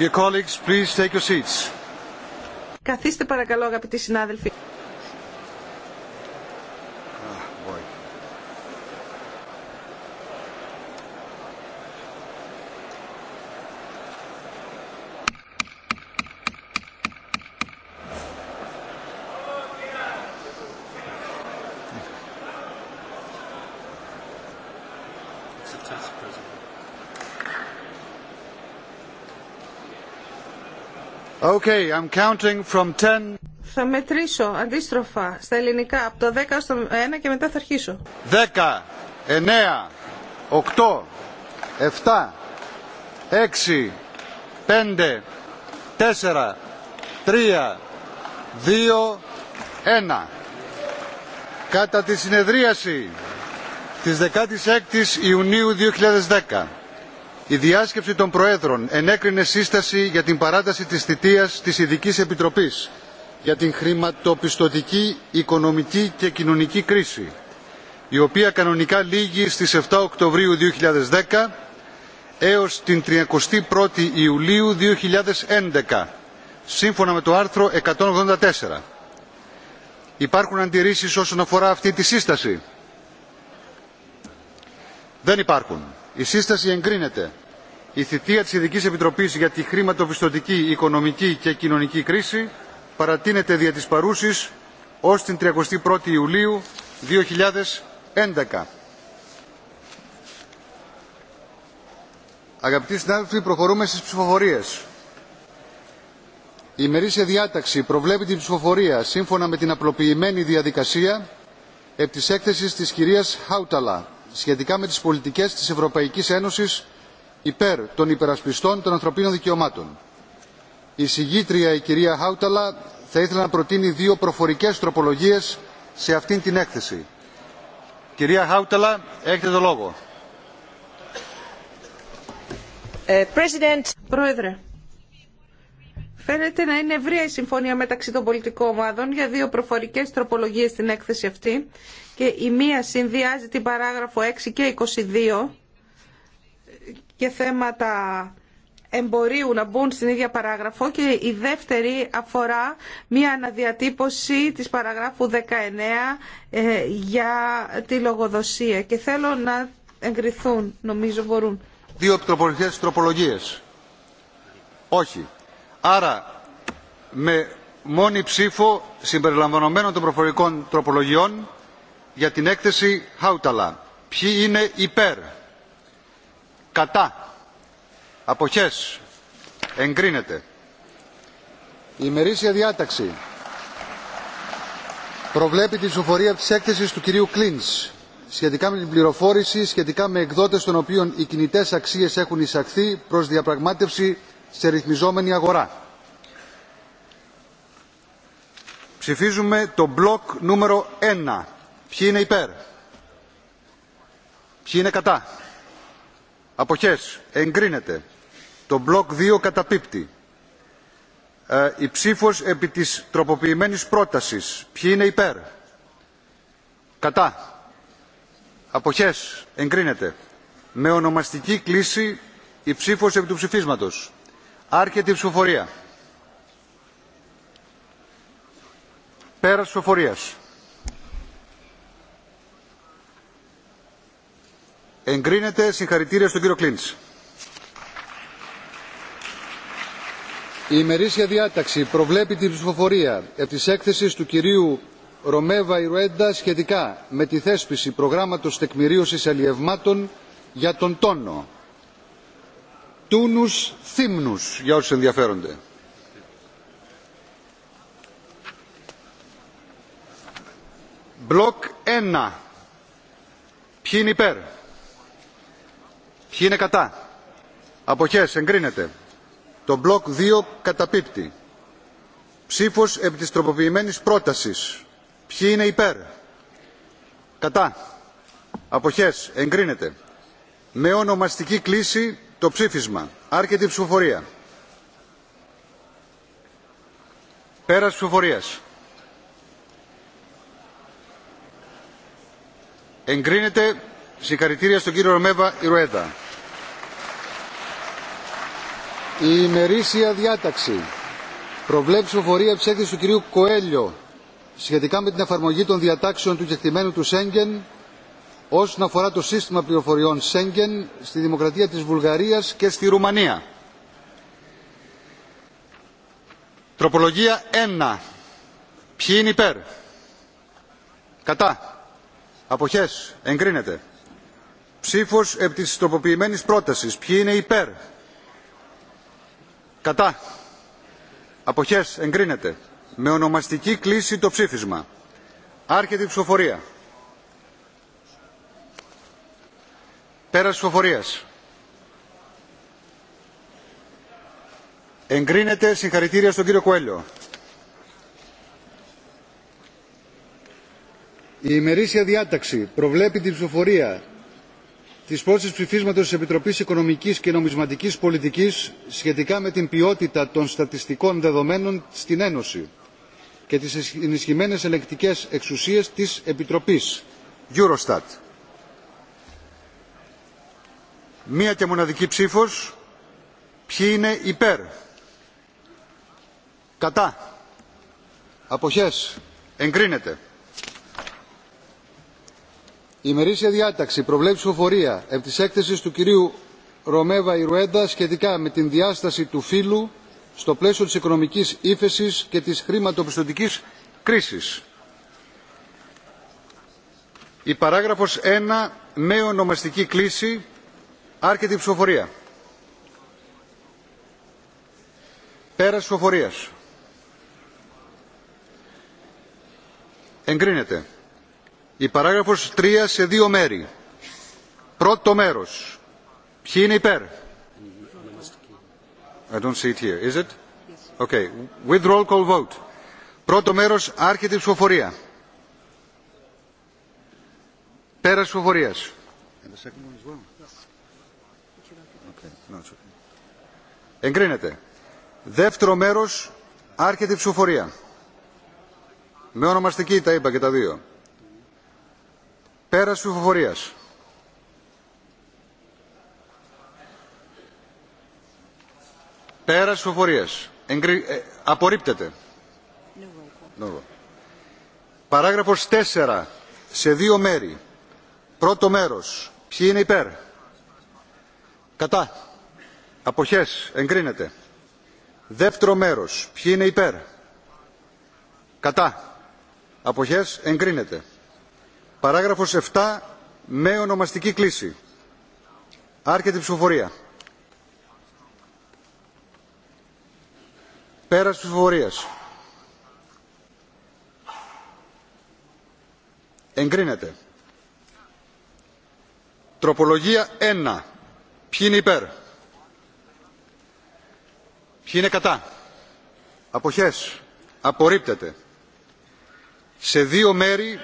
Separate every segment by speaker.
Speaker 1: Dear colleagues, please take your seats.
Speaker 2: Καθίστε παρακαλώ αγαπητοί συνάδελφοι. Θα μετρήσω αντίστροφα στα ελληνικά από το 10 στο 1 και μετά
Speaker 1: θα αρχίσω. 10, 9, 8, 7, 6, 5, 4, 3, 2, 1. Κατά τη συνεδρίαση της 16ης Ιουνίου 2010 η διάσκεψη των προέδρων ενέκρινε σύσταση για την παράταση της θητείας της ειδικής επιτροπής για την χρηματοπιστωτική οικονομική και κοινωνική κρίση η οποία κανονικά λήγει στις 7 Οκτωβρίου 2010 έως την 31η Ιουλίου 2011 σύμφωνα με το άρθρο 184. Υπάρχουν αντιρρήσεις όσον αφορά αυτή τη σύσταση. Δεν υπάρχουν. Η σύσταση εγκρίνεται. Η θητεία της Ειδικής Επιτροπής για τη χρηματοπιστωτική, οικονομική και κοινωνική κρίση παρατείνεται δια της παρούσης ως την 31η Ιουλίου 2011. Αγαπητοί συνάδελφοι, προχωρούμε στις ψηφοφορίες. Η ημερήσια διάταξη προβλέπει την ψηφοφορία σύμφωνα με την απλοποιημένη διαδικασία επ' της έκθεσης της κυρίας Χάουταλα σχετικά με τις πολιτικές της Ευρωπαϊκής Ένωσης υπέρ των υπερασπιστών των ανθρωπίνων δικαιωμάτων. Η συγγήτρια η κυρία Χάουταλα θα ήθελα να προτείνει δύο προφορικές τροπολογίες σε αυτήν την έκθεση. Κυρία Χάουταλα, έχετε το λόγο.
Speaker 2: Ε, President, Πρόεδρε, φαίνεται να είναι ευρία η συμφωνία μεταξύ των πολιτικών ομάδων για δύο προφορικές τροπολογίες στην έκθεση αυτή και η μία συνδυάζει την παράγραφο 6 και 22 και θέματα εμπορίου να μπουν στην ίδια παράγραφο και η δεύτερη αφορά μία αναδιατύπωση της παραγράφου 19 ε, για τη λογοδοσία και θέλω να εγκριθούν, νομίζω μπορούν.
Speaker 1: Δύο τροπολογικές τροπολογίες. Όχι. Άρα με μόνη ψήφο συμπεριλαμβανομένων των προφορικών τροπολογιών για την έκθεση Χάουταλα. Ποιοι είναι υπέρ. Κατά. Αποχές. Εγκρίνεται. Η ημερήσια διάταξη προβλέπει την ψηφοφορία της έκθεσης του κυρίου Κλίντς σχετικά με την πληροφόρηση σχετικά με εκδότες των οποίων οι κινητές αξίες έχουν εισαχθεί προς διαπραγμάτευση σε ρυθμιζόμενη αγορά. Ψηφίζουμε το μπλοκ νούμερο 1 Ποιοι είναι υπέρ. Ποιοι είναι κατά. Αποχές. Εγκρίνεται. Το μπλοκ 2 καταπίπτει. Ε, η ψήφος επί της τροποποιημένης πρότασης. Ποιοι είναι υπέρ. Κατά. Αποχές. Εγκρίνεται. Με ονομαστική κλίση η ψήφος επί του ψηφίσματος. Άρχεται η ψηφοφορία. Πέρα ψηφοφορίας. Εγκρίνεται. Συγχαρητήρια στον κύριο Κλίντς. Η ημερήσια διάταξη προβλέπει την ψηφοφορία τη έκθεση του κυρίου Ρωμέβα Ιρουέντα σχετικά με τη θέσπιση προγράμματος τεκμηρίωσης αλλιευμάτων για τον τόνο. Τούνους θύμνους για όσους ενδιαφέρονται. Μπλοκ 1. Ποιοι είναι υπέρ. Ποιοι είναι κατά. Αποχές. Εγκρίνεται. Το μπλοκ 2 καταπίπτει. Ψήφος επί της τροποποιημένης πρότασης. Ποιοι είναι υπέρ. Κατά. Αποχές. Εγκρίνεται. Με ονομαστική κλίση το ψήφισμα. Άρκετη ψηφοφορία. Πέρας ψηφοφορίας. Εγκρίνεται Συγχαρητήρια στον κύριο Ρωμέβα Ιρουέτα. Η ημερήσια διάταξη προβλέψει ψηφοφορία της του κυρίου Κοέλιο σχετικά με την εφαρμογή των διατάξεων του κεκτημένου του Σέγγεν όσον αφορά το σύστημα πληροφοριών Σέγγεν στη Δημοκρατία της Βουλγαρίας και στη Ρουμανία. Τροπολογία 1. Ποιοι είναι υπέρ. Κατά. Αποχές. Εγκρίνεται. Ψήφος επί της τροποποιημένης πρότασης. Ποιοι είναι υπέρ. Κατά. Αποχές εγκρίνεται. Με ονομαστική κλίση το ψήφισμα. Άρχεται η ψηφοφορία. Πέρας ψηφοφορίας. Εγκρίνεται. Συγχαρητήρια στον κύριο Κουέλιο. Η ημερήσια διάταξη προβλέπει την ψηφοφορία τη πρώτη ψηφίσματο τη Επιτροπή Οικονομική και Νομισματική Πολιτική σχετικά με την ποιότητα των στατιστικών δεδομένων στην Ένωση και τι ενισχυμένε ελεκτικέ εξουσίε τη Επιτροπή Eurostat. Μία και μοναδική ψήφο. Ποιοι είναι υπέρ. Κατά. Αποχές. Εγκρίνεται. Η ημερήσια διάταξη προβλέπει ψηφοφορία επ' της έκθεσης του κυρίου Ρωμέβα Ιρουέντα σχετικά με την διάσταση του φύλου στο πλαίσιο της οικονομικής ύφεσης και της χρηματοπιστωτικής κρίσης. Η παράγραφος 1 με ονομαστική κλίση άρκετη ψηφοφορία. Πέρας ψηφοφορίας. Εγκρίνεται η παράγραφος 3 σε δύο μέρη. Πρώτο μέρος. Ποιοι είναι υπέρ. I don't see it here. Is With call vote. Πρώτο μέρος άρχεται η ψηφοφορία. Πέρας ψηφοφορίας. Εγκρίνεται. Δεύτερο μέρος άρχεται η ψηφοφορία. Με ονομαστική τα είπα και τα δύο. Πέρας ψηφοφορίας. Πέρας ψηφοφορίας. Εγκρι... Ε, απορρίπτεται. Παράγραφος 4. Σε δύο μέρη. Πρώτο μέρος. Ποιοι είναι υπέρ. Κατά. Αποχές. Εγκρίνεται. Δεύτερο μέρος. Ποιοι είναι υπέρ. Κατά. Αποχές. Εγκρίνεται. Παράγραφος 7 με ονομαστική κλίση. Άρχεται η ψηφοφορία. Πέρας ψηφοφορίας. Εγκρίνεται. Τροπολογία 1. Ποιοι είναι υπέρ. Ποιοι είναι κατά. Αποχές. Απορρίπτεται. Σε δύο μέρη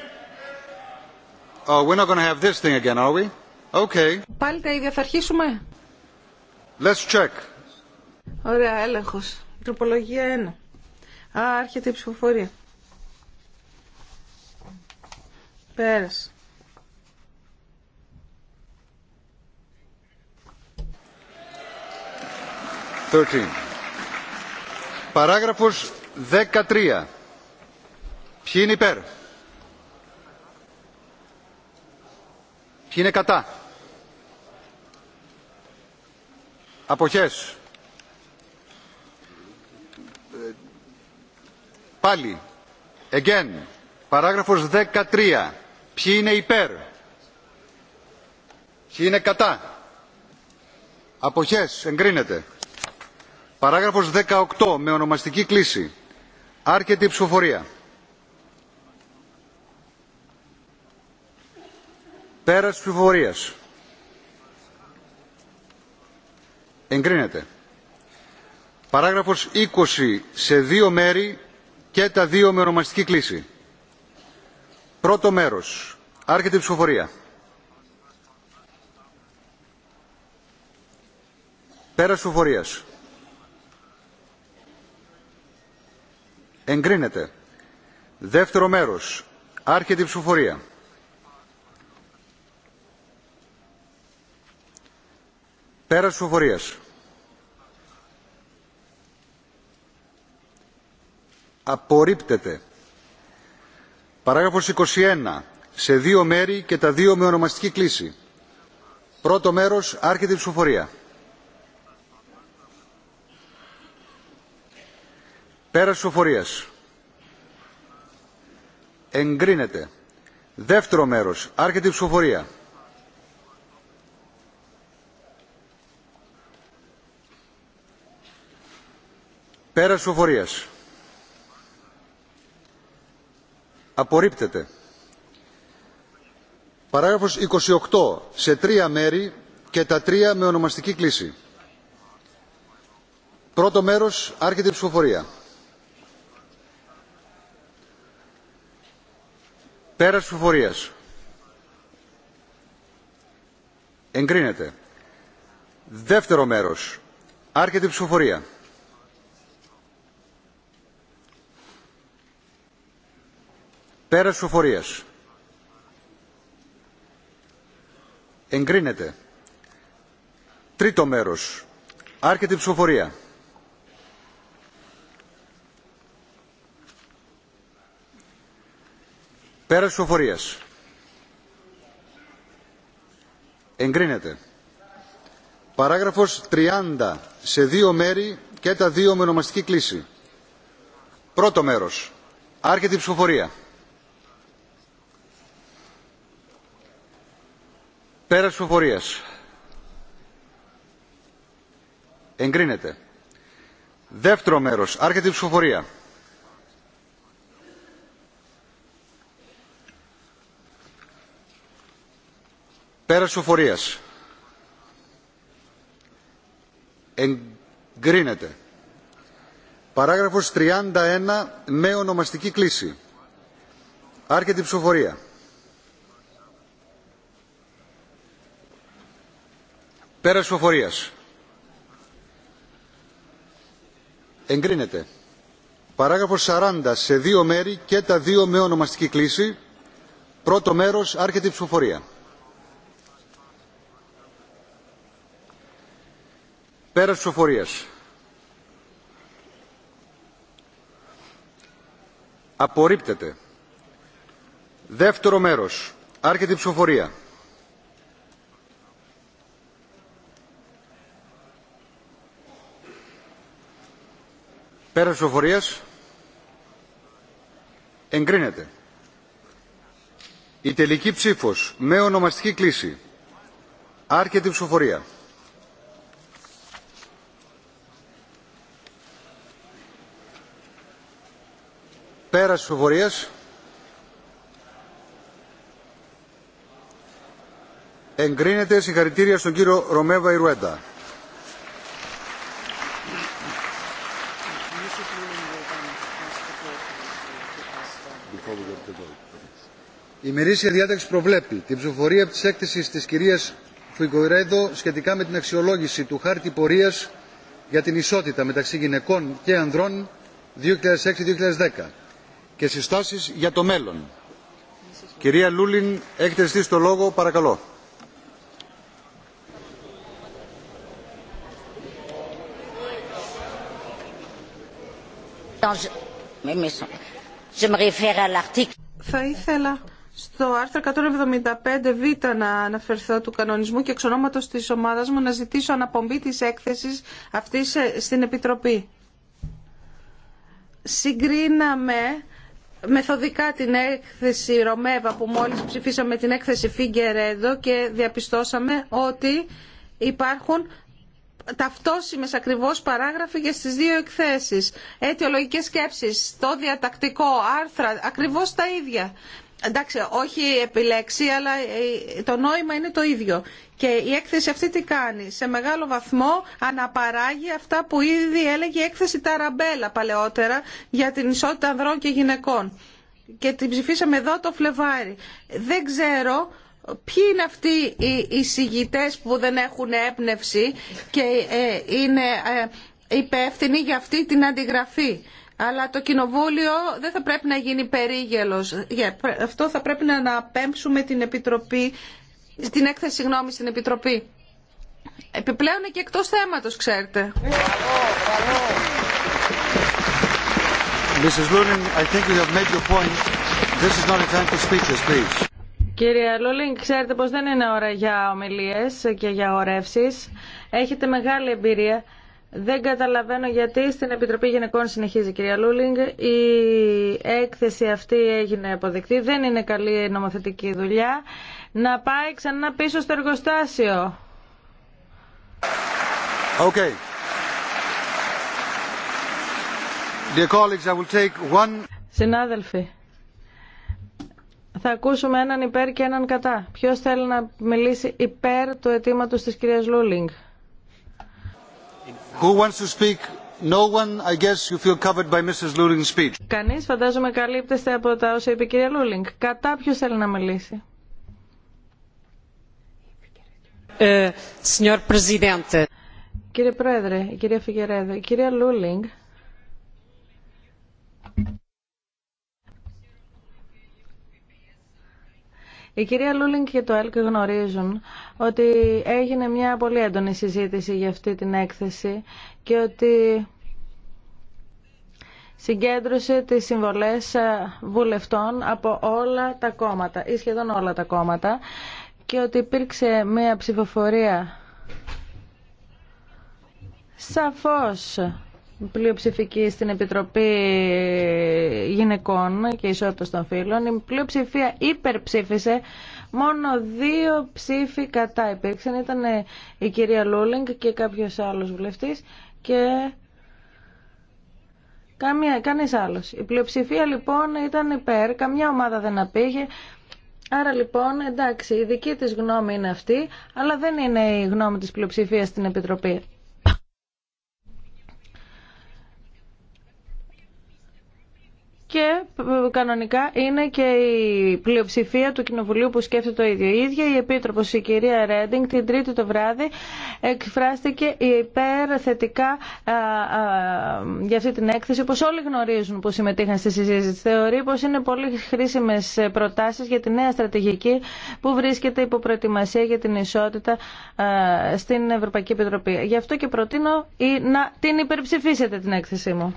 Speaker 1: Oh, we're not going to have this thing again, are we? Okay.
Speaker 2: Πάλι τα ίδια θα αρχίσουμε. Let's check. Ωραία, έλεγχος. Τροπολογία 1. Α, άρχεται η ψηφοφορία. Πέρασε.
Speaker 1: Παράγραφος 13. Ποιοι είναι υπέρ. Ποιοι είναι κατά. Αποχές. Πάλι. Again. Παράγραφος 13. Ποιοι είναι υπέρ. Ποιοι είναι κατά. Αποχές. Εγκρίνεται. Παράγραφος 18. Με ονομαστική κλίση. άρκετη ψηφοφορία. Πέρας ψηφοφορίας. Εγκρίνεται. Παράγραφος 20 σε δύο μέρη και τα δύο με ονομαστική κλίση. Πρώτο μέρος. Άρχεται η ψηφοφορία. Πέρας ψηφοφορίας. Εγκρίνεται. Δεύτερο μέρος. Άρχεται η ψηφοφορία. Πέρας ψηφοφορίας. Απορρίπτεται. Παράγραφος 21. Σε δύο μέρη και τα δύο με ονομαστική κλίση. Πρώτο μέρος. Άρχεται η ψηφοφορία. Πέρας ψηφοφορίας. Εγκρίνεται. Δεύτερο μέρος. Άρχεται η ψηφοφορία. Πέρας ψηφοφορίας. Απορρίπτεται. Παράγραφος 28. Σε τρία μέρη και τα τρία με ονομαστική κλίση. Πρώτο μέρος. Άρχεται η ψηφοφορία. Πέρας ψηφοφορίας. Εγκρίνεται. Δεύτερο μέρος. Άρχεται η ψηφοφορία. Πέρας ψηφοφορίας. Εγκρίνεται. Τρίτο μέρος. Άρχεται ψηφοφορία. Πέρας ψηφοφορίας. Εγκρίνεται. Παράγραφος 30. Σε δύο μέρη και τα δύο με ονομαστική κλίση. Πρώτο μέρος. Άρχεται ψηφοφορία. Πέρας ψηφοφορίας. Εγκρίνεται. Δεύτερο μέρος. Άρχεται η ψηφοφορία. Πέρας ψηφοφορίας. Εγκρίνεται. Παράγραφος 31 με ονομαστική κλίση. Άρχεται η ψηφοφορία. Πέρας ψηφοφορίας. Εγκρίνεται. Παράγραφος 40 σε δύο μέρη και τα δύο με ονομαστική κλίση. Πρώτο μέρος άρχεται η ψηφοφορία. Πέρας ψηφοφορίας. Απορρίπτεται. Δεύτερο μέρος. Άρχεται η ψηφοφορία. Πέρα ψηφοφορίας. Εγκρίνεται. Η τελική ψήφος με ονομαστική κλίση. Άρχεται ψηφοφορία. Πέρα ψηφοφορίας. Εγκρίνεται συγχαρητήρια στον κύριο Ρωμέβα Ιρουέντα. Η μερίσια διάταξη προβλέπει την ψηφοφορία της έκθεσης της κυρίας Φουικοϊρέδο σχετικά με την αξιολόγηση του χάρτη πορείας για την ισότητα μεταξύ γυναικών και ανδρών 2006-2010 και συστάσεις για το μέλλον. Κυρία Λούλιν, έχετε ζητήσει το λόγο, παρακαλώ.
Speaker 2: Θα ήθελα στο άρθρο 175β να αναφερθώ του κανονισμού και εξ ονόματος της ομάδας μου να ζητήσω αναπομπή της έκθεσης αυτής ε, στην Επιτροπή. Συγκρίναμε μεθοδικά την έκθεση Ρομέβα που μόλις ψηφίσαμε την έκθεση Φιγκερέδο και διαπιστώσαμε ότι υπάρχουν ταυτόσιμες ακριβώς παράγραφοι για στις δύο εκθέσεις. Αιτιολογικές σκέψεις, το διατακτικό, άρθρα, ακριβώς τα ίδια εντάξει, όχι επιλέξει, αλλά ε, το νόημα είναι το ίδιο. Και η έκθεση αυτή τι κάνει. Σε μεγάλο βαθμό αναπαράγει αυτά που ήδη έλεγε η έκθεση Ταραμπέλα παλαιότερα για την ισότητα ανδρών και γυναικών. Και την ψηφίσαμε εδώ το Φλεβάρι. Δεν ξέρω ποιοι είναι αυτοί οι εισηγητές που δεν έχουν έμπνευση και ε, είναι ε, υπεύθυνοι για αυτή την αντιγραφή αλλά το κοινοβούλιο δεν θα πρέπει να γίνει περίγελος. αυτό θα πρέπει να αναπέμψουμε την Επιτροπή, την έκθεση γνώμη στην Επιτροπή. Επιπλέον και εκτός θέματος,
Speaker 3: ξέρετε. Κύριε Λούλινγκ, ξέρετε πως δεν είναι ώρα για ομιλίες και για χορεύσεις. Έχετε μεγάλη εμπειρία. Δεν καταλαβαίνω γιατί στην Επιτροπή Γυναικών συνεχίζει, κυρία Λούλινγκ. Η έκθεση αυτή έγινε αποδεκτή. Δεν είναι καλή νομοθετική δουλειά. Να πάει ξανά πίσω στο εργοστάσιο.
Speaker 1: Okay. I will take one...
Speaker 3: Συνάδελφοι, θα ακούσουμε έναν υπέρ και έναν κατά. Ποιος θέλει να μιλήσει υπέρ του αιτήματος της κυρίας Λούλινγκ. Who Κανείς φαντάζομαι καλύπτεστε από τα όσα είπε η κυρία Λούλινγκ. Κατά ποιος θέλει να μιλήσει. Ε, Κύριε Πρόεδρε, η κυρία Φιγερέδο, η κυρία Λούλινγκ Η κυρία Λούλινγκ και το ΕΛΚ γνωρίζουν ότι έγινε μια πολύ έντονη συζήτηση για αυτή την έκθεση και ότι συγκέντρωσε τις συμβολές ε, βουλευτών από όλα τα κόμματα ή σχεδόν όλα τα κόμματα και ότι υπήρξε μια ψηφοφορία σαφώς πλειοψηφική στην Επιτροπή Γυναικών και Ισότητας των Φύλων. Η πλειοψηφία υπερψήφισε. Μόνο δύο ψήφοι κατά υπήρξαν. Ήταν η κυρία Λούλινγκ και κάποιος άλλος βουλευτής και καμία, κανείς άλλος. Η πλειοψηφία λοιπόν ήταν υπέρ. Καμιά ομάδα δεν απήγε. Άρα λοιπόν, εντάξει, η δική της γνώμη είναι αυτή, αλλά δεν είναι η γνώμη της πλειοψηφίας στην Επιτροπή. και ε, κανονικά είναι και η πλειοψηφία του Κοινοβουλίου που σκέφτεται το ίδιο. Η ίδια η Επίτροπος, η κυρία Ρέντινγκ, την Τρίτη το βράδυ εκφράστηκε υπερθετικά για αυτή την έκθεση, όπω όλοι γνωρίζουν που συμμετείχαν στη συζήτηση. Θεωρεί πως είναι πολύ χρήσιμε προτάσει για τη νέα στρατηγική που βρίσκεται υπό προετοιμασία για την ισότητα α, στην Ευρωπαϊκή Επιτροπή. Γι' αυτό και προτείνω ή να την υπερψηφίσετε την έκθεσή μου.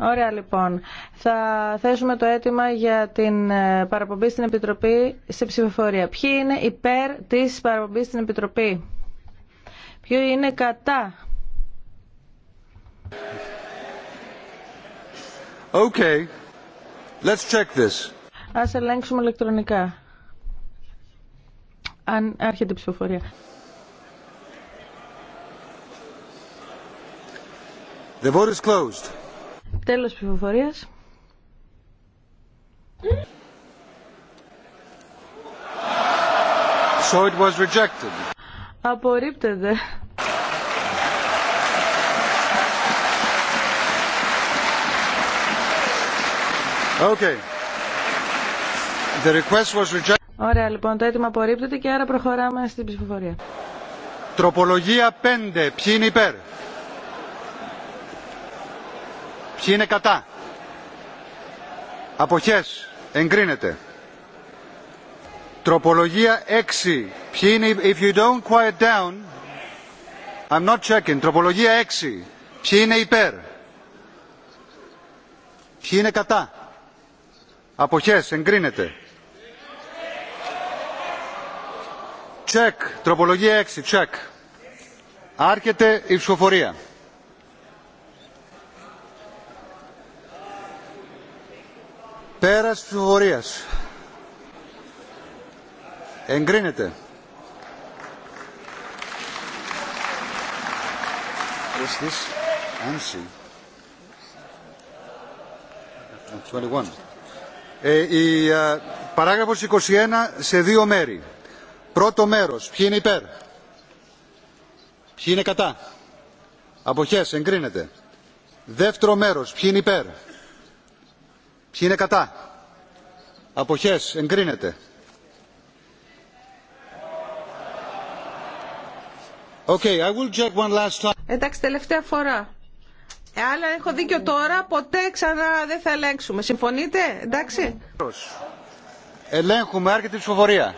Speaker 3: Ωραία λοιπόν. Θα θέσουμε το αίτημα για την ε, παραπομπή στην Επιτροπή σε ψηφοφορία. Ποιοι είναι υπέρ της παραπομπής στην Επιτροπή. Ποιοι είναι κατά.
Speaker 1: Okay. Let's check this.
Speaker 3: Ας ελέγξουμε ηλεκτρονικά. Αν έρχεται η ψηφοφορία.
Speaker 1: The vote
Speaker 3: Τέλος ψηφοφορίας.
Speaker 1: So it was rejected.
Speaker 3: Απορρίπτεται.
Speaker 1: Okay. The request was rejected. Ωραία,
Speaker 3: λοιπόν, το αίτημα απορρίπτεται και άρα προχωράμε στην ψηφοφορία.
Speaker 1: Τροπολογία 5. Ποιοι είναι υπέρ. Ποιοι είναι κατά. Αποχές. Εγκρίνεται. Τροπολογία 6. Ποιοι είναι... If you don't quiet down... I'm not checking. Τροπολογία 6. Ποιοι είναι υπέρ. Ποιοι είναι κατά. Αποχές. Εγκρίνεται. Check. Τροπολογία 6. Check. Άρχεται η ψηφοφορία. Πέρας ψηφοφορίας. Εγκρίνεται. Is 21. Ε, η α, παράγραφος 21 σε δύο μέρη. Πρώτο μέρος. Ποιοι είναι υπέρ. Ποιοι είναι κατά. Αποχές. Εγκρίνεται. Δεύτερο μέρος. Ποιοι είναι υπέρ. Ποιοι είναι κατά. Αποχές. Εγκρίνεται. Okay, I will check one last time.
Speaker 2: Εντάξει, τελευταία φορά. Ε, αλλά έχω δίκιο τώρα, ποτέ ξανά δεν θα ελέγξουμε. Συμφωνείτε,
Speaker 1: εντάξει. Ελέγχουμε, άρχεται η ψηφοφορία.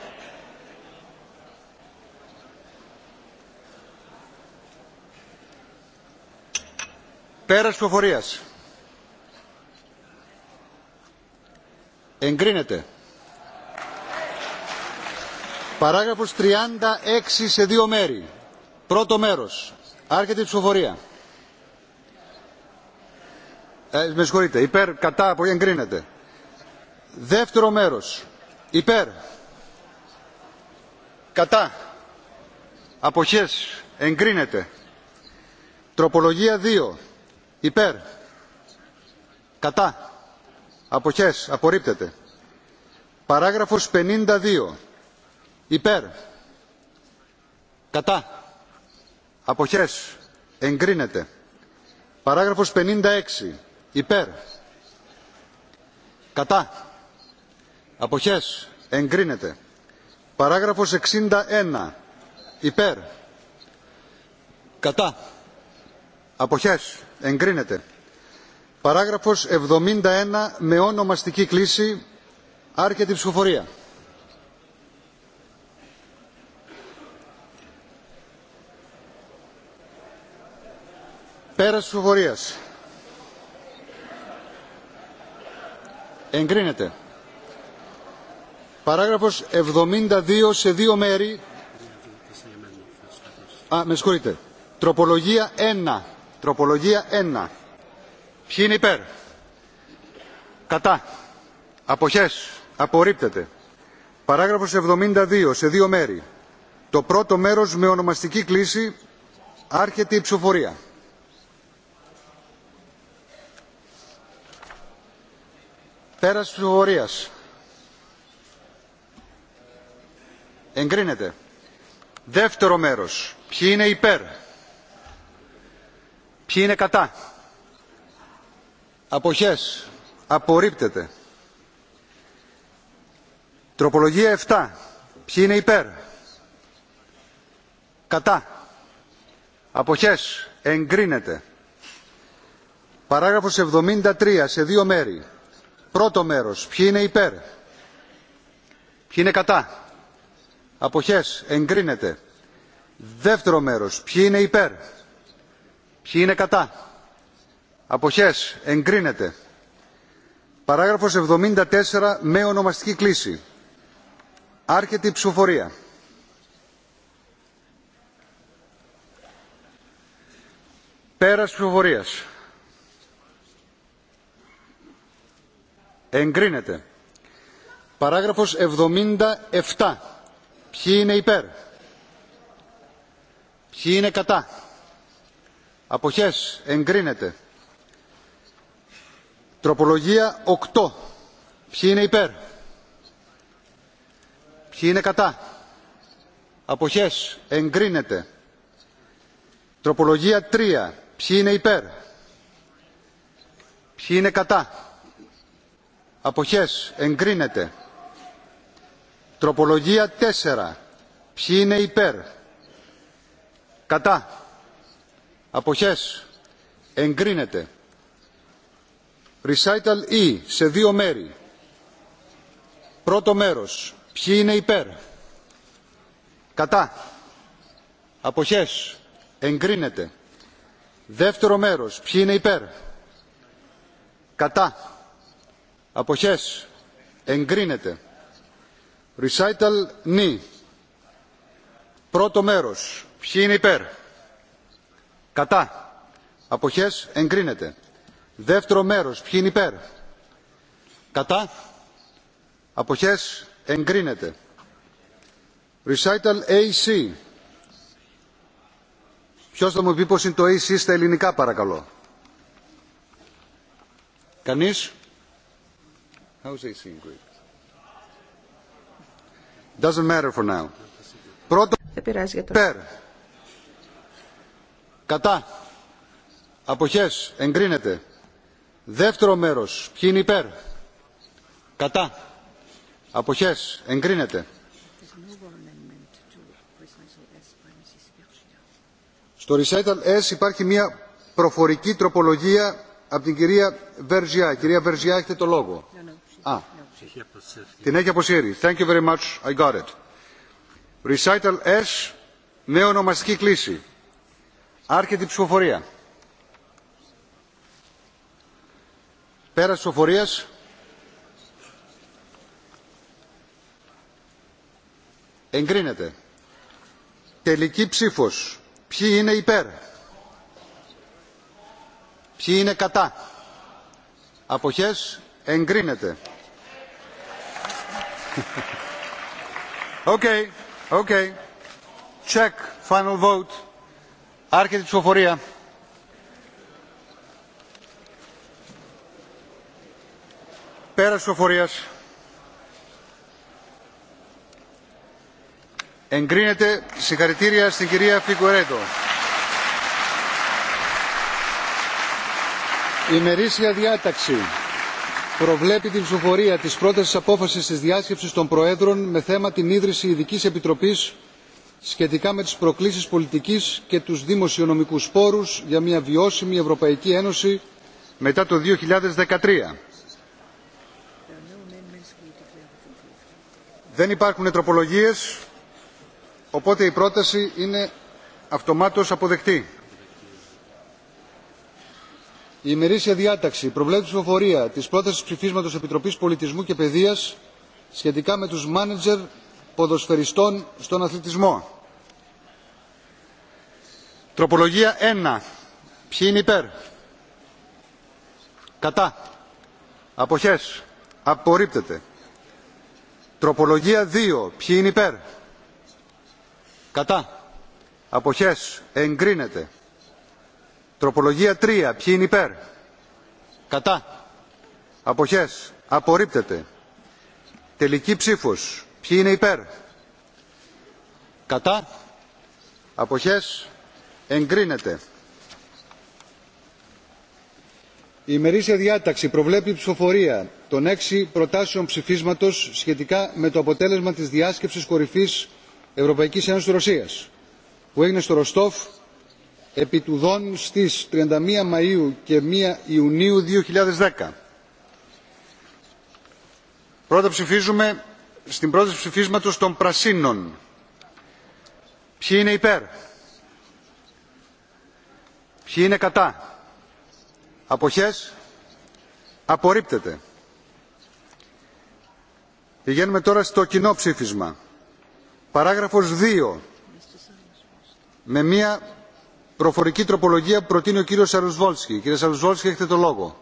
Speaker 1: Πέρας ψηφοφορίας. Εγκρίνεται. Παράγραφος 36 σε δύο μέρη. Πρώτο μέρος. Άρχεται η ψηφοφορία. Ε, με συγχωρείτε. Υπέρ, κατά, εγκρίνεται. Δεύτερο μέρος. Υπέρ. Κατά. Αποχές. Εγκρίνεται. Τροπολογία 2. Υπέρ. Κατά. Αποχές. Απορρίπτεται. Παράγραφος 52. Υπέρ. Κατά. Αποχές. Εγκρίνεται. Παράγραφος 56. Υπέρ. Κατά. Αποχές. Εγκρίνεται. Παράγραφος 61. Υπέρ. Κατά. Αποχές. Εγκρίνεται. Παράγραφος 71 με ονομαστική κλίση άρχεται η ψηφοφορία. Πέρας ψηφοφορίας. Εγκρίνεται. Παράγραφος 72 σε δύο μέρη. Α, με συγχωρείτε. Τροπολογία 1. Τροπολογία 1. Ποιοι είναι υπέρ. Κατά. Αποχές. Απορρίπτεται. Παράγραφος 72 σε δύο μέρη. Το πρώτο μέρος με ονομαστική κλίση άρχεται η ψηφοφορία. Πέρας ψηφοφορίας. Εγκρίνεται. Δεύτερο μέρος. Ποιοι είναι υπέρ. Ποιοι είναι κατά. Αποχές. Απορρίπτεται. Τροπολογία 7. Ποιοι είναι υπέρ. Κατά. Αποχές. Εγκρίνεται. Παράγραφος 73 σε δύο μέρη. Πρώτο μέρος. Ποιοι είναι υπέρ. Ποιοι είναι κατά. Αποχές. Εγκρίνεται. Δεύτερο μέρος. Ποιοι είναι υπέρ. Ποιοι είναι κατά Αποχές. Εγκρίνεται. Παράγραφος 74 με ονομαστική κλίση. Άρχεται η ψηφοφορία. Πέρας ψηφοφορίας. Εγκρίνεται. Παράγραφος 77. Ποιοι είναι υπέρ. Ποιοι είναι κατά. Αποχές. Εγκρίνεται. Τροπολογία 8. Ποιοι είναι υπέρ. Ποιοι είναι κατά. Αποχές. Εγκρίνεται. Τροπολογία 3. Ποιοι είναι υπέρ. Ποιοι είναι κατά. Αποχές. Εγκρίνεται. Τροπολογία 4. Ποιοι είναι υπέρ. Κατά. Αποχές. Εγκρίνεται. Recital E σε δύο μέρη. Πρώτο μέρος. Ποιοι είναι υπέρ. Κατά. Αποχές. Εγκρίνεται. Δεύτερο μέρος. Ποιοι είναι υπέρ. Κατά. Αποχές. Εγκρίνεται. Recital N. Πρώτο μέρος. Ποιοι είναι υπέρ. Κατά. Αποχές. Εγκρίνεται δεύτερο μέρος ποιοι είναι υπέρ κατά αποχές εγκρίνεται recital AC ποιος θα μου πει πως είναι το AC στα ελληνικά παρακαλώ κανείς is AC in Greek? Doesn't matter for now. Πρώτο υπέρ κατά αποχές εγκρίνεται Δεύτερο μέρος. Ποιοι είναι υπέρ. Κατά. Αποχές. Εγκρίνεται. Στο Recital S υπάρχει μια προφορική τροπολογία από την κυρία Βερζιά. Κυρία Βερζιά, έχετε το λόγο. Α, την έχει αποσύρει. Thank you very much. I got it. Recital S, νέο ονομαστική κλίση. Άρχεται η ψηφοφορία. Πέρας οφορίας. Εγκρίνεται. Τελική ψήφος. Ποιοι είναι υπέρ. Ποιοι είναι κατά. Αποχές. Εγκρίνεται. Okay, okay. Check, final vote. Άρχεται η ψηφοφορία. Πέρας Εγκρίνεται συγχαρητήρια στην κυρία Φιγκορέντο. Η μερίσια διάταξη προβλέπει την ψηφοφορία της πρώτη απόφασης της διάσκεψης των Προέδρων με θέμα την ίδρυση ειδικής επιτροπής σχετικά με τις προκλήσεις πολιτικής και τους δημοσιονομικούς πόρους για μια βιώσιμη Ευρωπαϊκή Ένωση μετά το 2013. Δεν υπάρχουν τροπολογίες, οπότε η πρόταση είναι αυτομάτως αποδεκτή. Η ημερήσια διάταξη προβλέπει ψηφοφορία της πρότασης ψηφίσματος Επιτροπής Πολιτισμού και Παιδείας σχετικά με τους μάνετζερ ποδοσφαιριστών στον αθλητισμό. Τροπολογία 1. Ποιοι είναι υπέρ. Κατά. Αποχές. Απορρίπτεται. Τροπολογία 2. Ποιοι είναι υπέρ. Κατά. Αποχές. Εγκρίνεται. Τροπολογία 3. Ποιοι είναι υπέρ. Κατά. Αποχές. Απορρίπτεται. Τελική ψήφος. Ποιοι είναι υπέρ. Κατά. Αποχές. Εγκρίνεται. η ημερήσια διάταξη προβλέπει ψηφοφορία των έξι προτάσεων ψηφίσματος σχετικά με το αποτέλεσμα της διάσκεψης κορυφής Ευρωπαϊκής Ένωσης Ρωσία που έγινε στο Ροστόφ επί του Δον στις 31 Μαΐου και 1 Ιουνίου 2010. Πρώτα ψηφίζουμε στην πρόταση ψηφίσματος των Πρασίνων. Ποιοι είναι υπέρ. Ποιοι είναι κατά αποχές απορρίπτεται πηγαίνουμε τώρα στο κοινό ψήφισμα παράγραφος 2 με μια προφορική τροπολογία που προτείνει ο κύριος Σαρουσβόλσκι κύριε Σαρουσβόλσκι έχετε το λόγο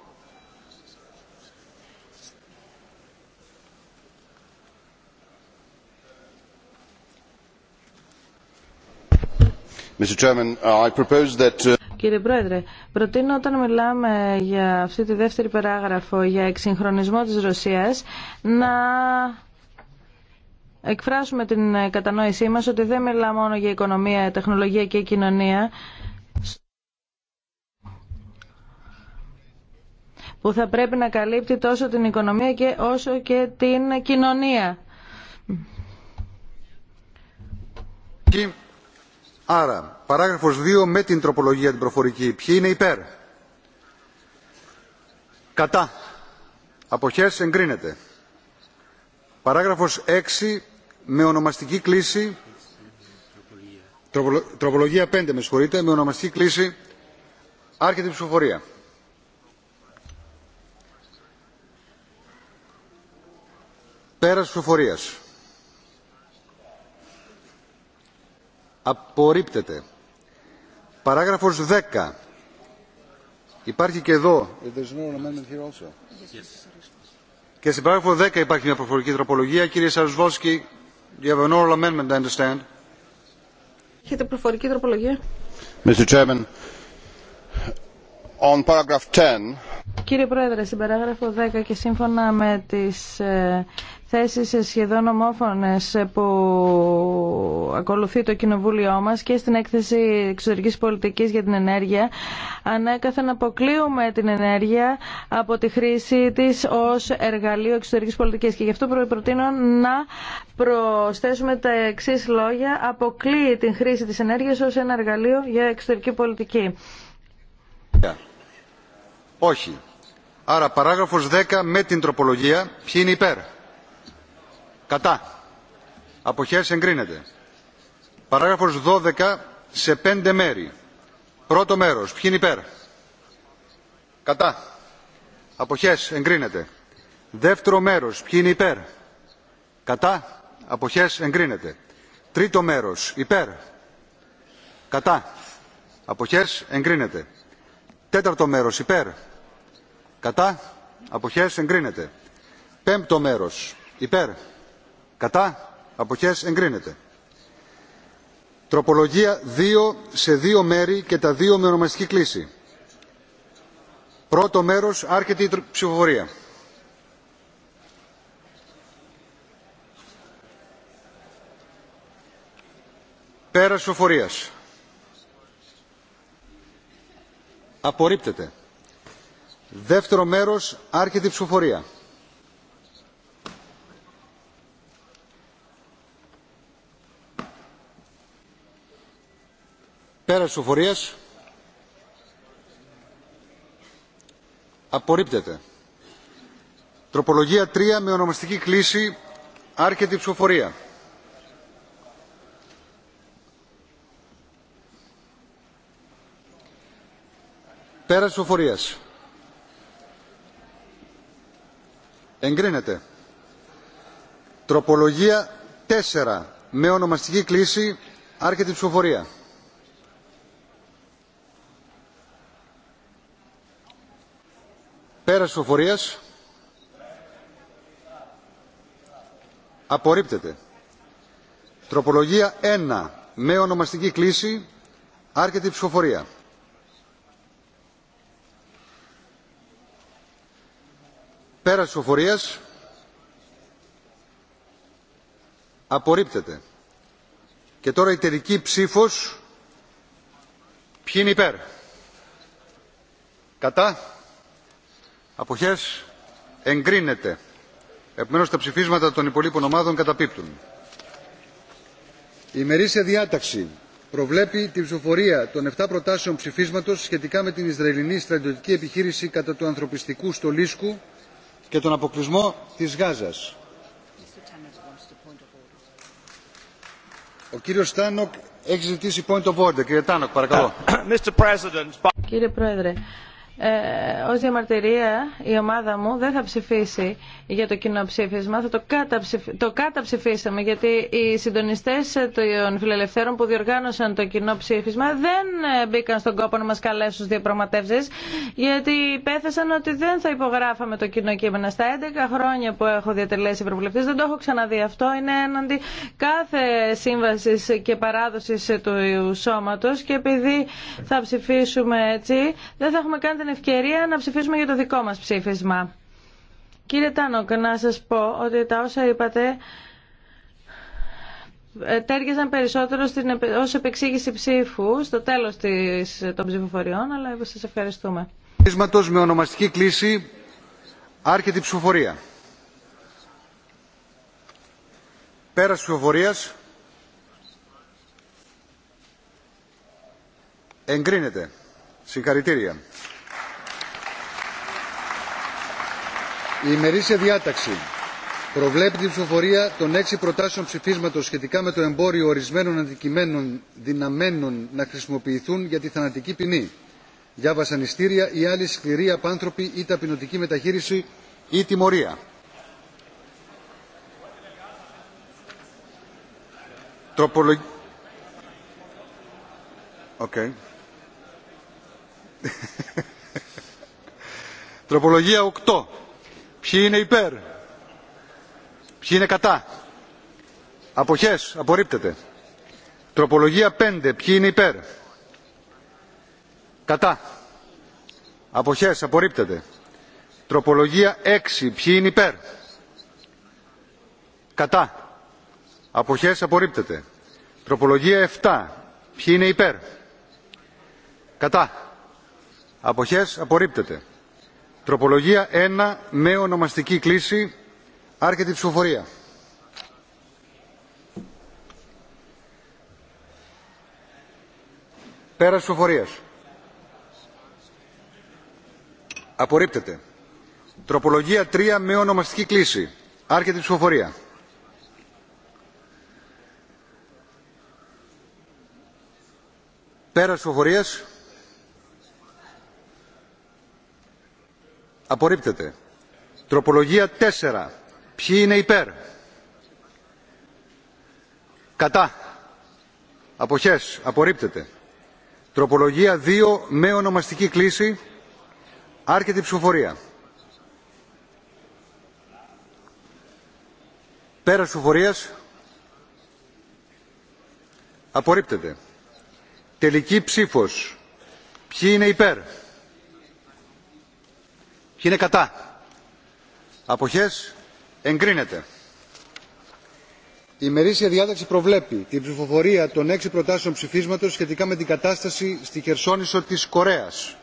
Speaker 1: Mr. Chairman, uh, I propose that... Uh,
Speaker 3: Κύριε Πρόεδρε, προτείνω όταν μιλάμε για αυτή τη δεύτερη παράγραφο για εξυγχρονισμό της Ρωσίας να εκφράσουμε την κατανόησή μας ότι δεν μιλά μόνο για οικονομία, τεχνολογία και κοινωνία που θα πρέπει να καλύπτει τόσο την οικονομία και όσο και την κοινωνία.
Speaker 1: Άρα, Παράγραφος 2 με την τροπολογία την προφορική. Ποιοι είναι υπέρ. Κατά. Αποχές εγκρίνεται. Παράγραφος 6 με ονομαστική κλίση. τροπολογία 5 με συγχωρείτε. Με ονομαστική κλίση. Άρχεται η ψηφοφορία. Πέρας ψηφοφορίας. Απορρίπτεται. Παράγραφος 10. Υπάρχει και εδώ. Και στην παράγραφο 10 υπάρχει μια προφορική τροπολογία. Κύριε Σαρουσβόσκη, you have an amendment, I understand.
Speaker 3: Έχετε προφορική τροπολογία.
Speaker 1: Mr. on paragraph 10...
Speaker 3: Κύριε Πρόεδρε, στην παράγραφο 10 και σύμφωνα με τις ε, θέσεις σχεδόν ομόφωνες που ακολουθεί το Κοινοβούλιο μας και στην έκθεση εξωτερικής πολιτικής για την ενέργεια ανέκαθεν αποκλείουμε την ενέργεια από τη χρήση της ως εργαλείο εξωτερικής πολιτικής και γι' αυτό προτείνω να προσθέσουμε τα εξής λόγια αποκλείει την χρήση της ενέργειας ως ένα εργαλείο για εξωτερική πολιτική.
Speaker 1: Όχι. Άρα παράγραφος 10 με την τροπολογία. Ποιοι είναι υπέρ. Κατά. Αποχές εγκρίνεται. Παράγραφος 12 σε πέντε μέρη. Πρώτο μέρος. Ποιοι είναι υπέρ. Κατά. Αποχές εγκρίνεται. Δεύτερο μέρος. Ποιοι είναι υπέρ. Κατά. Αποχές εγκρίνεται. Τρίτο μέρος. Υπέρ. Κατά. Αποχές εγκρίνεται. Τέταρτο μέρος. Υπέρ. Κατά. Αποχές εγκρίνεται. Πέμπτο μέρος. Υπέρ κατά αποχές εγκρίνεται τροπολογία 2 σε δύο μέρη και τα δύο με ονομαστική κλίση πρώτο μέρος άρχεται η ψηφοφορία πέρα ψηφοφορίας απορρίπτεται δεύτερο μέρος άρχεται ψηφοφορία Πέρας ψηφοφορίας. Απορρίπτεται. Τροπολογία 3 με ονομαστική κλίση. «Άρκετη η ψηφοφορία. Πέρας ψηφοφορίας. Εγκρίνεται. Τροπολογία 4 με ονομαστική κλίση. Άρχεται η ψηφοφορία. Πέρας ψηφοφορίας. Απορρίπτεται. Τροπολογία 1. Με ονομαστική κλίση. άρκετη ψηφοφορία. Πέρας ψηφοφορίας. Απορρίπτεται. Και τώρα η τελική ψήφος. Ποιοι είναι υπέρ. Κατά. Αποχές εγκρίνεται. Επομένως τα ψηφίσματα των υπολείπων ομάδων καταπίπτουν. Η ημερήσια διάταξη προβλέπει την ψηφοφορία των 7 προτάσεων ψηφίσματος σχετικά με την Ισραηλινή στρατιωτική επιχείρηση κατά του ανθρωπιστικού στολίσκου και τον αποκλεισμό της Γάζας. Ο κύριος Τάνοκ έχει ζητήσει point of order. Κύριε Τάνοκ, παρακαλώ. Κύριε Πρόεδρε,
Speaker 3: ε, ως διαμαρτυρία η ομάδα μου δεν θα ψηφίσει για το ψήφισμα θα το, καταψηφι... το καταψηφίσαμε γιατί οι συντονιστέ των φιλελευθέρων που διοργάνωσαν το κοινό ψήφισμα δεν ε, μπήκαν στον κόπο να μα καλέσουν στου διαπραγματεύσει γιατί υπέθεσαν ότι δεν θα υπογράφαμε το κοινό κείμενο. Στα 11 χρόνια που έχω διατελέσει ευρωβουλευτή, δεν το έχω ξαναδεί αυτό, είναι έναντι κάθε σύμβαση και παράδοση του σώματο και επειδή θα ψηφίσουμε έτσι δεν θα έχουμε κάνει την ευκαιρία να ψηφίσουμε για το δικό μας ψήφισμα. Κύριε Τάνοκ, να σας πω ότι τα όσα είπατε ε, τέργεζαν περισσότερο στην, ως επεξήγηση ψήφου στο τέλος της, των ψηφοφοριών, αλλά σας ευχαριστούμε.
Speaker 1: Ψήφισματος με ονομαστική κλίση άρχεται η ψηφοφορία. Πέρας ψηφοφορίας εγκρίνεται. Συγχαρητήρια. Η ημερήσια διάταξη προβλέπει την ψηφοφορία των έξι προτάσεων ψηφίσματο σχετικά με το εμπόριο ορισμένων αντικειμένων δυναμένων να χρησιμοποιηθούν για τη θανατική ποινή, για βασανιστήρια ή άλλη σκληρή απάνθρωπη ή ταπεινωτική μεταχείριση ή τιμωρία. Τροπολογία 8 Ποιοι είναι υπέρ. Ποιοι είναι κατά. Αποχές. Απορρίπτεται. Τροπολογία 5. Ποιοι είναι υπέρ. Κατά. Αποχές. Απορρίπτεται. Τροπολογία 6. Ποιοι είναι υπέρ. Κατά. Αποχές. Απορρίπτεται. Τροπολογία 7. Ποιοι είναι υπέρ. Κατά. Αποχές. Απορρίπτεται. Τροπολογία 1 με ονομαστική κλίση. Άρχεται η ψηφοφορία. Πέρας ψηφοφορίας. Απορρίπτεται. Τροπολογία 3 με ονομαστική κλίση. Άρχεται η ψηφοφορία. Πέρας ψηφοφορίας. απορρίπτεται τροπολογία 4 ποιοι είναι υπέρ κατά αποχές απορρίπτεται τροπολογία 2 με ονομαστική κλίση Άρκετη ψηφοφορία πέρας ψηφοφορίας απορρίπτεται τελική ψήφος ποιοι είναι υπέρ Ποιοι είναι κατά. Αποχές. Εγκρίνεται. Η ημερήσια διάταξη προβλέπει την ψηφοφορία των έξι προτάσεων ψηφίσματος σχετικά με την κατάσταση στη Χερσόνησο της Κορέας.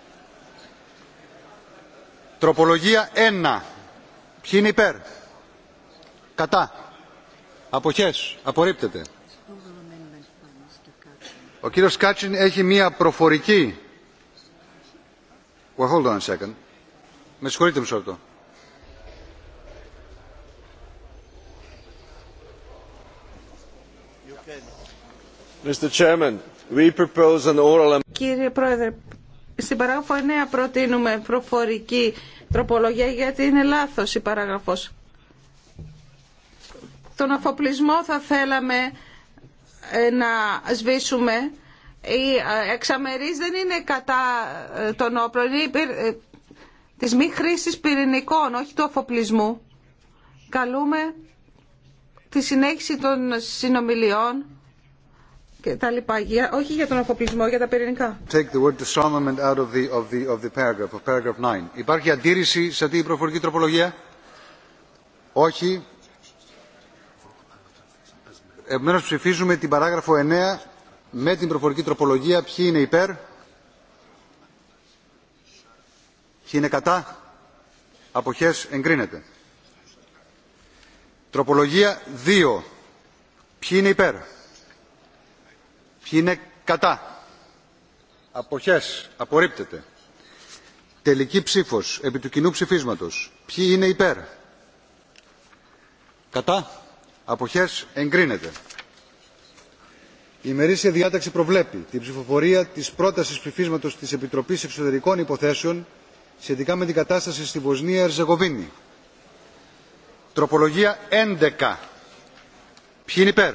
Speaker 1: Τροπολογία 1. Ποιοι είναι υπέρ. Κατά. Αποχές. Απορρίπτεται. Ο κύριος Κάτσιν έχει μία προφορική... Well, hold on a second.
Speaker 2: Κύριε Πρόεδρε, στην παράγραφο 9 προτείνουμε προφορική τροπολογία γιατί είναι λάθος η παράγραφος. Τον αφοπλισμό θα θέλαμε ε, να σβήσουμε. Η ε, εξαμερείς δεν είναι κατά ε, των όπλων, είναι της μη χρήσης πυρηνικών, όχι του αφοπλισμού. Καλούμε τη συνέχιση των συνομιλιών και τα λοιπά, όχι για τον αφοπλισμό, για τα πυρηνικά.
Speaker 1: Take the word disarmament out of the, of the, of the paragraph, of paragraph 9. Υπάρχει αντίρρηση σε αυτή η προφορική τροπολογία. Όχι. Επομένως ψηφίζουμε την παράγραφο 9 με την προφορική τροπολογία. Ποιοι είναι υπέρ. Ποιοι είναι κατά. Αποχές εγκρίνεται. Τροπολογία 2. Ποιοι είναι υπέρ. Ποιοι είναι κατά. Αποχές. Απορρίπτεται. Τελική ψήφος επί του κοινού ψηφίσματος. Ποιοι είναι υπέρ. Κατά. Αποχές εγκρίνεται. Η ημερήσια διάταξη προβλέπει την ψηφοφορία της πρότασης ψηφίσματος της Επιτροπής Εξωτερικών Υποθέσεων σχετικά με την κατάσταση στη Βοσνία Ερζεγοβίνη. Τροπολογία 11. Ποιοι είναι υπέρ.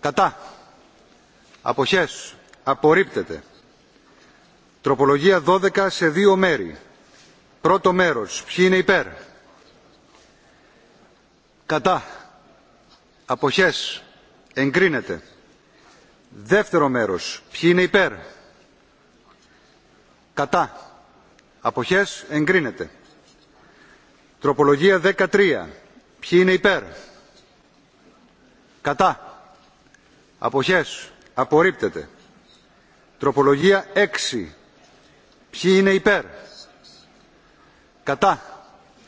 Speaker 1: Κατά. Αποχές. Απορρίπτεται. Τροπολογία 12 σε δύο μέρη. Πρώτο μέρος. Ποιοι είναι υπέρ. Κατά. Αποχές. Εγκρίνεται. Δεύτερο μέρος. Ποιοι είναι υπέρ. Κατά. Αποχές εγκρίνεται. Τροπολογία 13. Ποιοι είναι υπέρ. Κατά. Αποχές. Απορρίπτεται. Τροπολογία 6. Ποιοι είναι υπέρ. Κατά.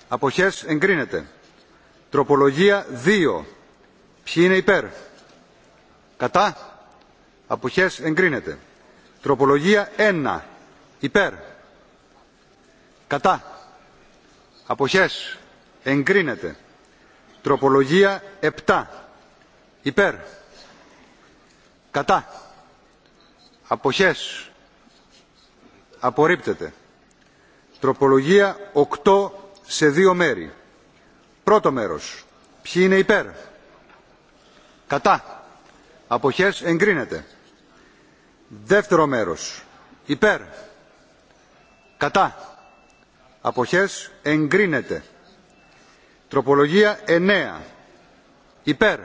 Speaker 1: Αποχές εγκρίνεται. Τροπολογία 2. Ποιοι είναι υπέρ. Κατά. Αποχές εγκρίνεται. Τροπολογία 1. Υπέρ κατά αποχές εγκρίνεται τροπολογία 7 υπέρ κατά αποχές απορρίπτεται τροπολογία 8 σε δύο μέρη πρώτο μέρος ποιοι είναι υπέρ κατά αποχές εγκρίνεται δεύτερο μέρος υπέρ κατά Αποχές εγκρίνεται. Τροπολογία 9. Υπέρ.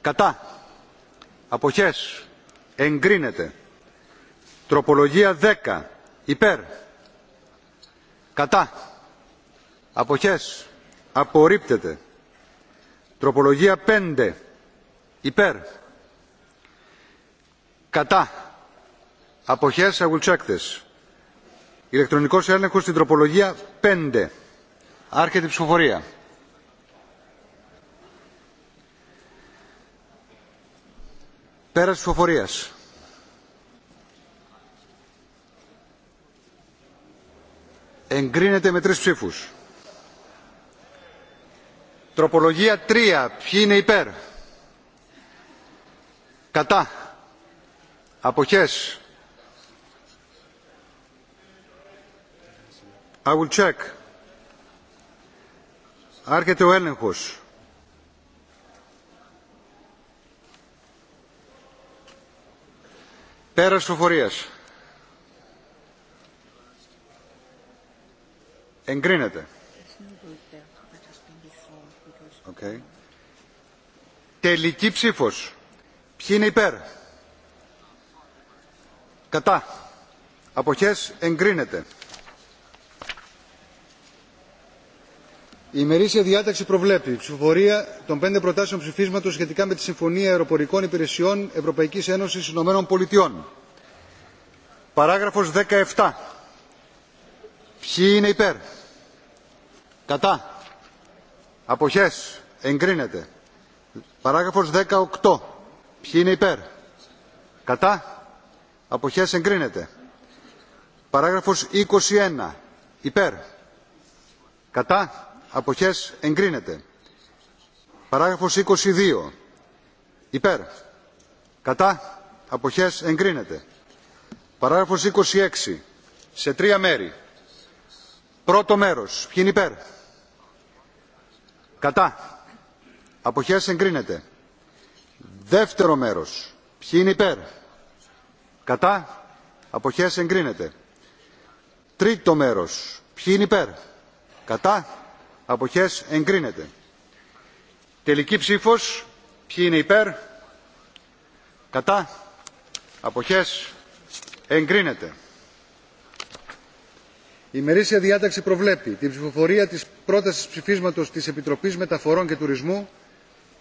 Speaker 1: Κατά. Αποχές εγκρίνεται. Τροπολογία 10. Υπέρ. Κατά. Αποχές απορρίπτεται. Τροπολογία 5. Υπέρ. Κατά. Αποχές I Ηλεκτρονικός έλεγχος στην τροπολογία 5. Άρχεται η ψηφοφορία. Πέρας ψηφοφορίας. Εγκρίνεται με τρεις ψήφους. Τροπολογία 3. Ποιοι είναι υπέρ. Κατά. Αποχές. I will check. Άρχεται ο έλεγχος. Πέρας φορείας. Εγκρίνεται. Okay. Τελική ψήφος. Ποιοι είναι υπέρ. Κατά. Αποχές εγκρίνεται. Η ημερήσια διάταξη προβλέπει ψηφοφορία των πέντε προτάσεων ψηφίσματος σχετικά με τη Συμφωνία Αεροπορικών Υπηρεσιών Ευρωπαϊκής Ένωσης Ηνωμένων Πολιτειών. Παράγραφος 17. Ποιοι είναι υπέρ. Κατά. Αποχές. Εγκρίνεται. Παράγραφος 18. Ποιοι είναι υπέρ. Κατά. Αποχές εγκρίνεται. Παράγραφος 21. Υπέρ. Κατά αποχές εγκρίνεται παράγραφος 22 υπέρ κατά αποχές εγκρίνεται παράγραφος 26 σε τρία μέρη πρώτο μέρος ποιοι είναι υπέρ κατά αποχές εγκρίνεται δεύτερο μέρος ποιοι είναι υπέρ κατά αποχές εγκρίνεται τρίτο μέρος ποιοι είναι υπέρ κατά αποχές εγκρίνεται τελική ψήφος ποιοι είναι υπέρ κατά αποχές εγκρίνεται η μερίσια διάταξη προβλέπει την ψηφοφορία της πρότασης ψηφίσματος της επιτροπής μεταφορών και τουρισμού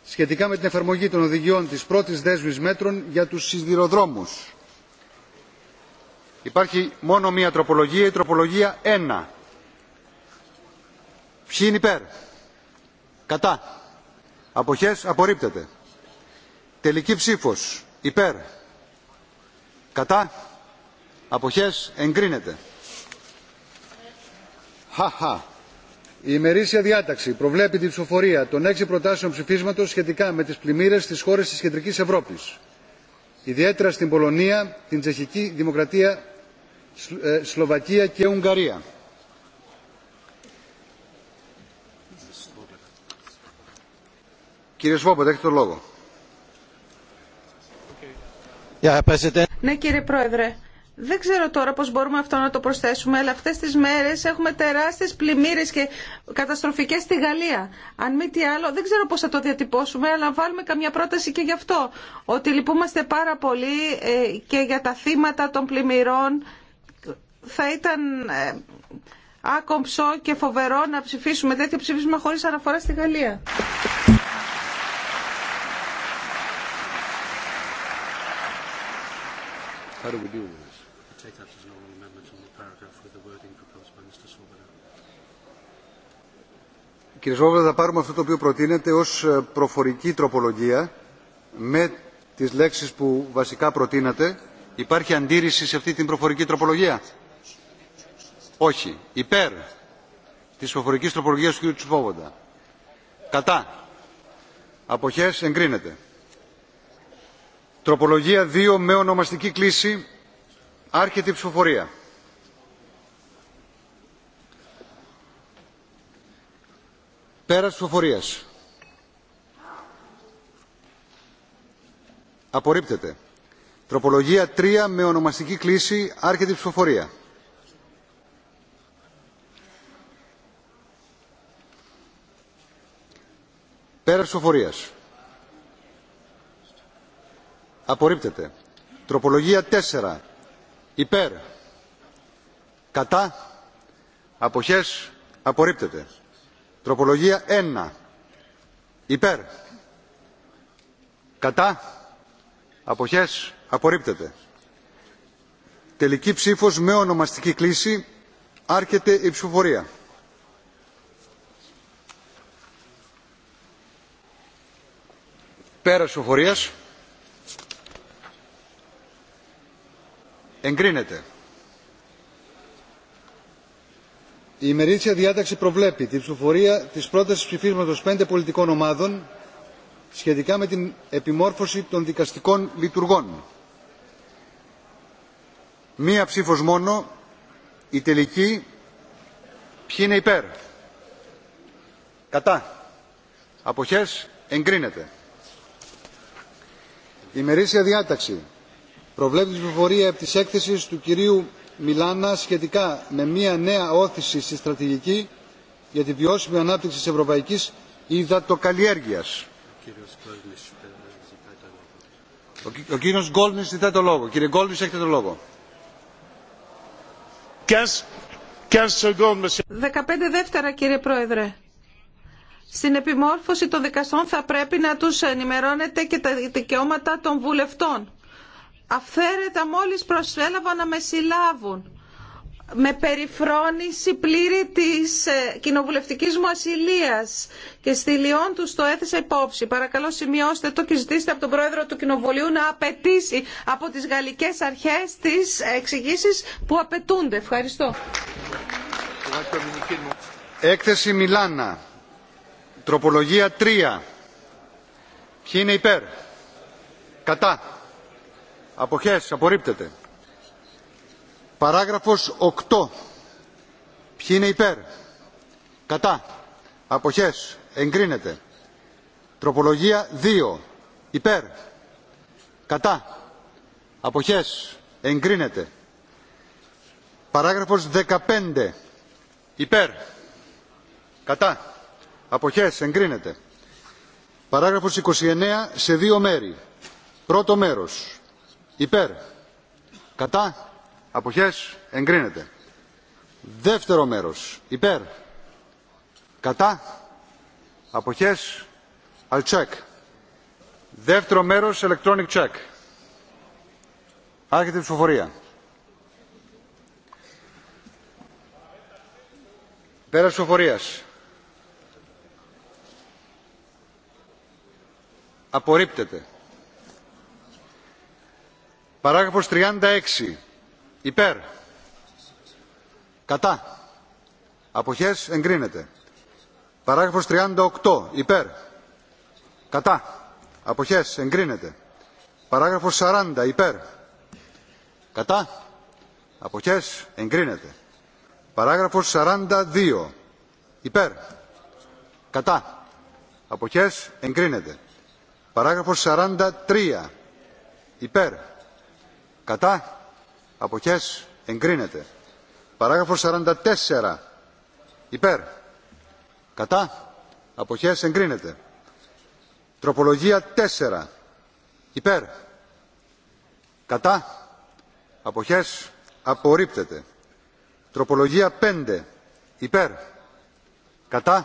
Speaker 1: σχετικά με την εφαρμογή των οδηγιών της πρώτης δέσμης μέτρων για τους σιδηροδρόμους. Υπάρχει μόνο μία τροπολογία, η τροπολογία 1. Ποιοι είναι υπέρ. Κατά. Αποχές απορρίπτεται. Τελική ψήφος. Υπέρ. Κατά. Αποχές εγκρίνεται. Η ημερήσια διάταξη προβλέπει την ψηφοφορία των έξι προτάσεων ψηφίσματος σχετικά με τις πλημμύρες στι χώρε της Κεντρικής Ευρώπης. Ιδιαίτερα στην Πολωνία, την Τσεχική Δημοκρατία, ε, Σλοβακία και Ουγγαρία. Κύριε Σβόμποντα, έχετε το λόγο.
Speaker 2: Ναι κύριε Πρόεδρε, δεν ξέρω τώρα πώς μπορούμε αυτό να το προσθέσουμε, αλλά αυτές τις μέρες έχουμε τεράστιες πλημμύρες και καταστροφικές στη Γαλλία. Αν μη τι άλλο, δεν ξέρω πώς θα το διατυπώσουμε, αλλά βάλουμε καμιά πρόταση και γι' αυτό. Ότι λυπούμαστε πάρα πολύ ε, και για τα θύματα των πλημμυρών θα ήταν ε, άκομψο και φοβερό να ψηφίσουμε τέτοιο ψήφισμα χωρίς αναφορά στη Γαλλία.
Speaker 1: How do we deal with take that as an amendment on the paragraph with the wording proposed by Mr. Swoboda. Κύριε θα πάρουμε αυτό το οποίο προτείνεται ως ε, προφορική τροπολογία με τις λέξεις που βασικά προτείνατε. Υπάρχει αντίρρηση σε αυτή την προφορική τροπολογία. Όχι. Υπέρ της προφορικής τροπολογίας του κ. Τσουφόβοντα. Κατά. Αποχές εγκρίνεται. Τροπολογία 2 με ονομαστική κλίση. Άρχεται η ψηφοφορία. Πέρα ψηφοφορίας. Απορρίπτεται. Τροπολογία 3 με ονομαστική κλίση. Άρχεται η ψηφοφορία. Πέρα ψηφοφορίας απορρίπτεται τροπολογία 4 υπέρ κατά αποχές απορρίπτεται τροπολογία 1 υπέρ κατά αποχές απορρίπτεται τελική ψήφος με ονομαστική κλίση άρχεται η ψηφοφορία Πέρα ψηφοφορίας Εγκρίνεται. Η ημερήσια διάταξη προβλέπει την ψηφοφορία της πρότασης ψηφίσματος πέντε πολιτικών ομάδων σχετικά με την επιμόρφωση των δικαστικών λειτουργών. Μία ψήφος μόνο, η τελική, ποιοι είναι υπέρ. Κατά. Αποχές εγκρίνεται. Η ημερήσια διάταξη προβλέπει την ψηφοφορία επί της έκθεσης του κυρίου Μιλάνα σχετικά με μια νέα όθηση στη στρατηγική για τη βιώσιμη ανάπτυξη της ευρωπαϊκής υδατοκαλλιέργειας. Ο κύριος Γκόλνης ζητάει το λόγο. Κύριε Γκόλνης, έχετε το λόγο. 15 δεύτερα, κύριε Πρόεδρε.
Speaker 2: Στην επιμόρφωση των δικαστών θα πρέπει να τους ενημερώνετε και τα δικαιώματα των βουλευτών Αυθαίρετα μόλις προσέλαβα να με συλλάβουν με περιφρόνηση πλήρη της ε, κοινοβουλευτικής μου ασυλίας και στη Λιόν τους το έθεσα υπόψη. Παρακαλώ σημειώστε το και ζητήστε από τον πρόεδρο του κοινοβουλίου να απαιτήσει από τις γαλλικές αρχές τις εξηγήσει που απαιτούνται. Ευχαριστώ.
Speaker 1: Έκθεση Μιλάνα. Τροπολογία 3. Ποιοι είναι υπέρ. Κατά. Αποχές. Απορρίπτεται. Παράγραφος 8. Ποιοι είναι υπέρ. Κατά. Αποχές. Εγκρίνεται. Τροπολογία 2. Υπέρ. Κατά. Αποχές. Εγκρίνεται. Παράγραφος 15. Υπέρ. Κατά. Αποχές. Εγκρίνεται. Παράγραφος 29 σε δύο μέρη. Πρώτο μέρος υπέρ κατά αποχές εγκρίνεται δεύτερο μέρος υπέρ κατά αποχές I'll check δεύτερο μέρος electronic check άρχεται η ψηφοφορία πέρα ψηφοφορίας απορρίπτεται Παράγραφος 36. Υπέρ. Κατά. Αποχές εγκρίνεται. Παράγραφος 38. Υπέρ. Κατά. Αποχές εγκρίνεται. Παράγραφος 40. Υπέρ. Κατά. Αποχές εγκρίνεται. Παράγραφος 42. Υπέρ. Κατά. Αποχές εγκρίνεται. Παράγραφος 43. Υπέρ Κατά. Αποχές. Εγκρίνεται. Παράγραφος 44. Υπέρ. Κατά. Αποχές. Εγκρίνεται. Τροπολογία 4. Υπέρ. Κατά. Αποχές. Απορρίπτεται. Τροπολογία 5. Υπέρ. Κατά.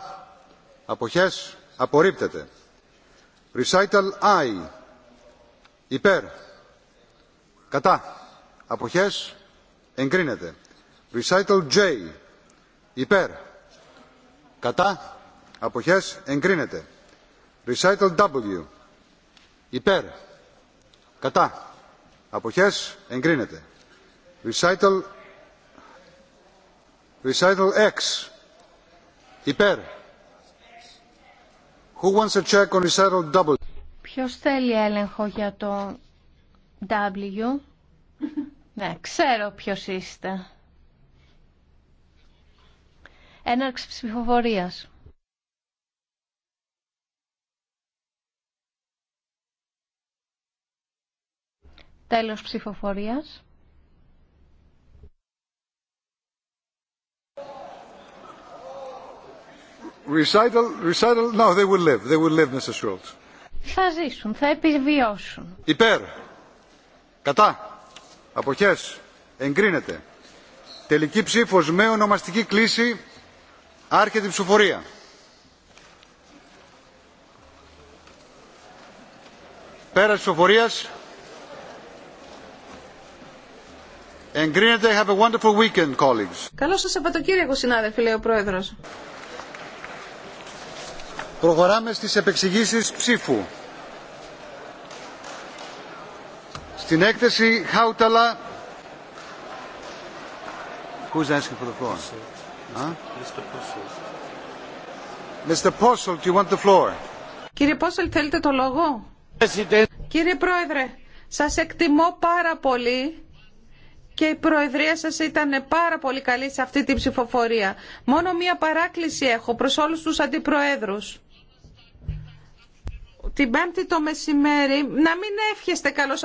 Speaker 1: Αποχές. Απορρίπτεται. Recital I. Υπέρ Κατά. Αποχές. Εγκρίνεται. Recital J. Υπέρ. Κατά. Αποχές. Εγκρίνεται. Recital W. Υπέρ. Κατά. Αποχές. Εγκρίνεται. Recital... Recital X. Υπέρ. Who wants a check on recital w?
Speaker 3: Ποιος θέλει έλεγχο για το W. Ναι, ξέρω ποιος είστε. Έναρξη ψηφοφορίας. Τέλος ψηφοφορίας.
Speaker 1: Recital, recital, no, they will live, they will live, Mr. Schultz.
Speaker 2: Θα ζήσουν, θα επιβιώσουν.
Speaker 1: Υπέρ κατά αποχές εγκρίνεται τελική ψήφος με ονομαστική κλίση άρχεται η ψηφοφορία πέρας ψηφοφορίας εγκρίνεται have a wonderful weekend colleagues
Speaker 2: Καλώς σας συνάδελφοι λέει ο Πρόεδρος
Speaker 1: Προχωράμε στις επεξηγήσεις ψήφου Στην έκθεση Χάουταλα
Speaker 2: Κύριε Πόσελ, θέλετε το λόγο? Κύριε Πρόεδρε, σας εκτιμώ πάρα πολύ και η Προεδρία σας ήταν πάρα πολύ καλή σε αυτή την ψηφοφορία. Μόνο μία παράκληση έχω προς όλους τους
Speaker 3: αντιπροέδρους την Πέμπτη το μεσημέρι να μην εύχεστε καλώς